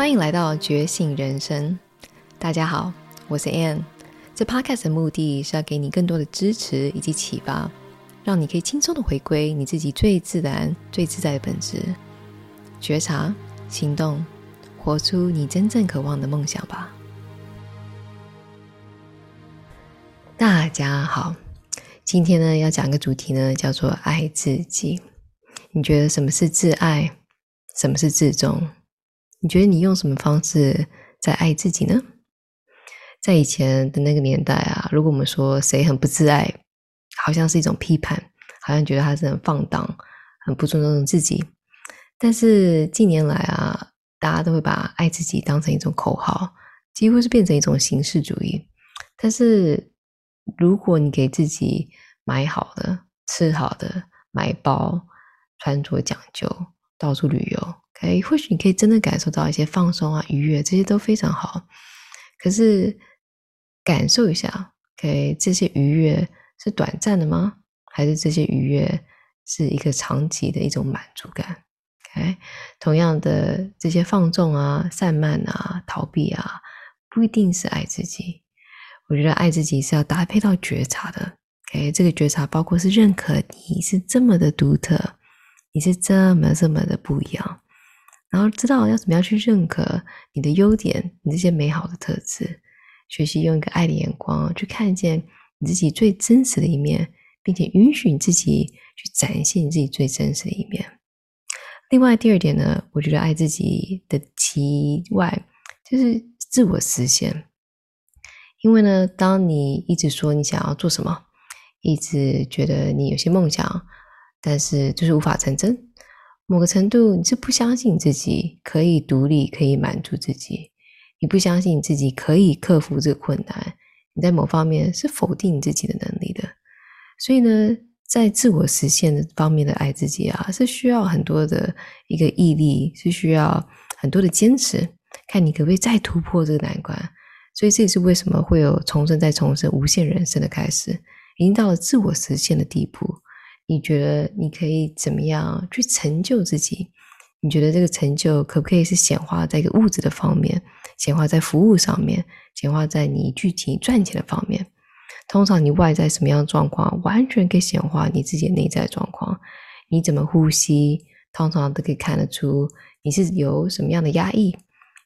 歡迎來到覺醒人生，大家好，我是 Anne。這 Podcast 的目的是要給你更多的支持以及啟發，讓你可以輕鬆的回歸你自己最自然、最自在的本質，覺察、行動，活出你真正渴望的夢想吧。大家好，今天呢要講一個主題呢叫做愛自己。你覺得什麼是自愛？什麼是自重？你覺得你用什麼方式在愛自己呢？在以前的那個年代啊，如果我們說誰很不自愛，好像是一種批判，好像覺得他是很放蕩，很不尊重自己。但是近年來啊，大家都會把愛自己當成一種口號，幾乎是變成一種形式主義。但是如果你給自己買好的、吃好的、買包、穿着講究、到處旅遊。誒、okay，或許你可以真的感受到一些放鬆啊、愉悅，這些都非常好。可是感受一下，給、okay, 這些愉悅是短暫的嗎？還是這些愉悅是一個長期的一種滿足感？哎、okay？同樣的，這些放縱啊、散漫啊、逃避啊，不一定是愛自己。我覺得愛自己是要搭配到覺察的。哎、okay？這個覺察包括是認可你是這麼的獨特，你是這麼這麼的不一樣。然後知道要怎麼樣去認可你的優點，你這些美好的特質，學習用一個愛的眼光去看見你自己最真實的一面，並且允許你自己去展現你自己最真實的一面。另外，第二點呢，我覺得愛自己的其外就是自我實現。因為呢，當你一直說你想要做什麼，一直覺得你有些夢想，但是就是無法成真。某個程度，你是不相信自己可以獨立，可以滿足自己；你不相信自己可以克服這個困難。你在某方面是否定你自己的能力的。所以呢，在自我實現的方面的愛自己啊，是需要很多的一個毅力，是需要很多的堅持。看你可不可以再突破這個難關。所以這也是為什麼會有重生再重生，無限人生的開始，已經到了自我實現的地步。你覺得你可以怎麼樣去成就自己？你覺得這個成就可不可以是顯化在一個物質的方面，顯化在服務上面，顯化在你具體賺錢的方面？通常你外在什麼樣的狀況，完全可以顯化你自己的內在狀況。你怎麼呼吸，通常都可以看得出你是有什麼樣的壓抑。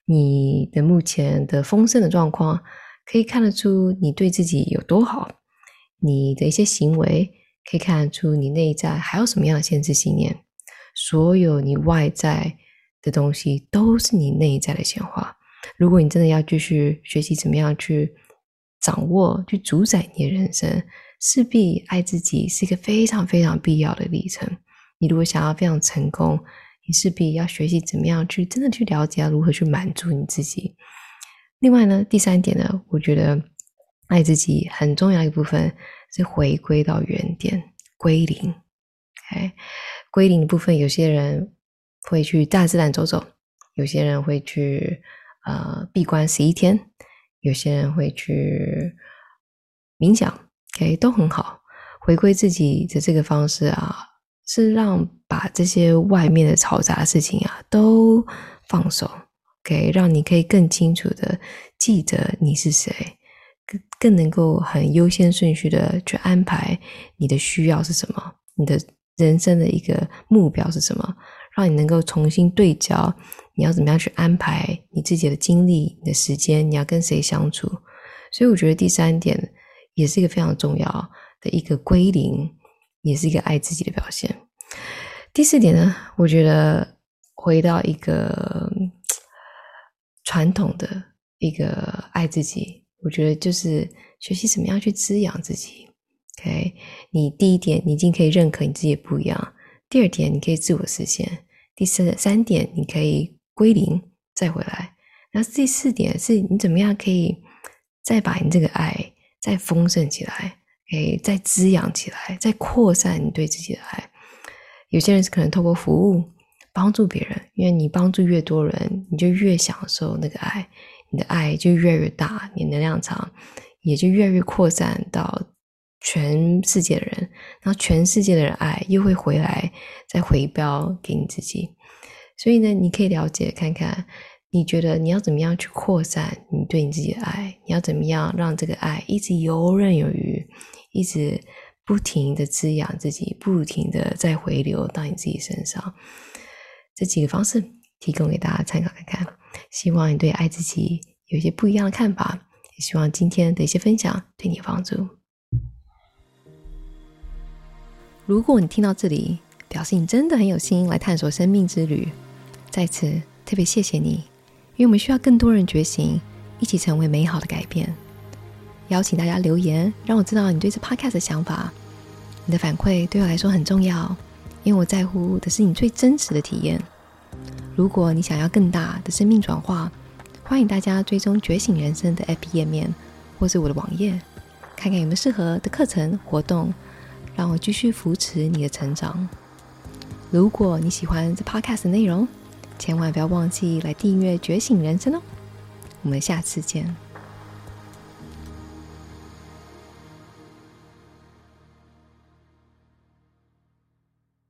你的目前的豐盛的狀況，可以看得出你對自己有多好。你的一些行為。可以看得出你內在還有什麼樣的限制信念，所有你外在的東西都是你內在的顯化。如果你真的要繼續學習怎麼樣去掌握、去主宰你的人生，勢必愛自己是一個非常非常必要的歷程。你如果想要非常成功，你勢必要學習怎麼樣去真的去了解如何去滿足你自己。另外呢，第三點呢，我覺得。愛自己很重要的一部分是回歸到原點，歸零。哎，歸零的部分，有些人會去大自然走走，有些人會去呃閉關十一天，有些人會去冥想，okay? 都很好。回歸自己的這個方式啊，是讓把這些外面的吵雜的事情啊都放手，可以、okay? 讓你可以更清楚的記得你是誰。更能夠很優先順序的去安排你的需要是什麼，你的人生的一個目標是什麼，讓你能夠重新對焦，你要怎麼樣去安排你自己的精力、你的時間，你要跟誰相處。所以我覺得第三點也是一個非常重要的一個歸零，也是一個愛自己的表現。第四點呢，我覺得回到一個傳統的一個愛自己。我覺得就是學習怎麼樣去滋養自己。OK，你第一點，你已經可以認可你自己的不一樣；第二點，你可以自我實現；第三，三點你可以歸零再回來。那第四點是你怎麼樣可以再把你這個愛再豐盛起來，可以 okay? 再滋養起來，再擴散你對自己的愛。有些人是可能透過服務幫助別人，因為你幫助越多人，你就越享受那個愛。你的愛就越來越大，你能量場也就越來越擴散到全世界的人，然後全世界的人愛又會回來再回標給你自己。所以呢，你可以了解看看，你覺得你要怎麼樣去擴散你對你自己的愛？你要怎麼樣讓這個愛一直游刃有餘，一直不停的滋養自己，不停的再回流到你自己身上？這幾個方式。提供給大家參考看看，希望你對愛自己有一些不一樣的看法，也希望今天的一些分享對你有幫助。如果你聽到這裡，表示你真的很有心來探索生命之旅，在此特別謝謝你，因為我們需要更多人覺醒，一起成為美好的改變。邀請大家留言，讓我知道你對這 podcast 的想法，你的反饋對我來說很重要，因為我在乎的是你最真實的體驗。如果你想要更大的生命轉化，歡迎大家追蹤“覺醒人生”的 APP 頁面，或是我的網頁，看看有沒有適合的課程活動，讓我繼續扶持你的成長。如果你喜歡這 Podcast 的內容，千萬不要忘記來訂閱“覺醒人生”哦。我們下次見。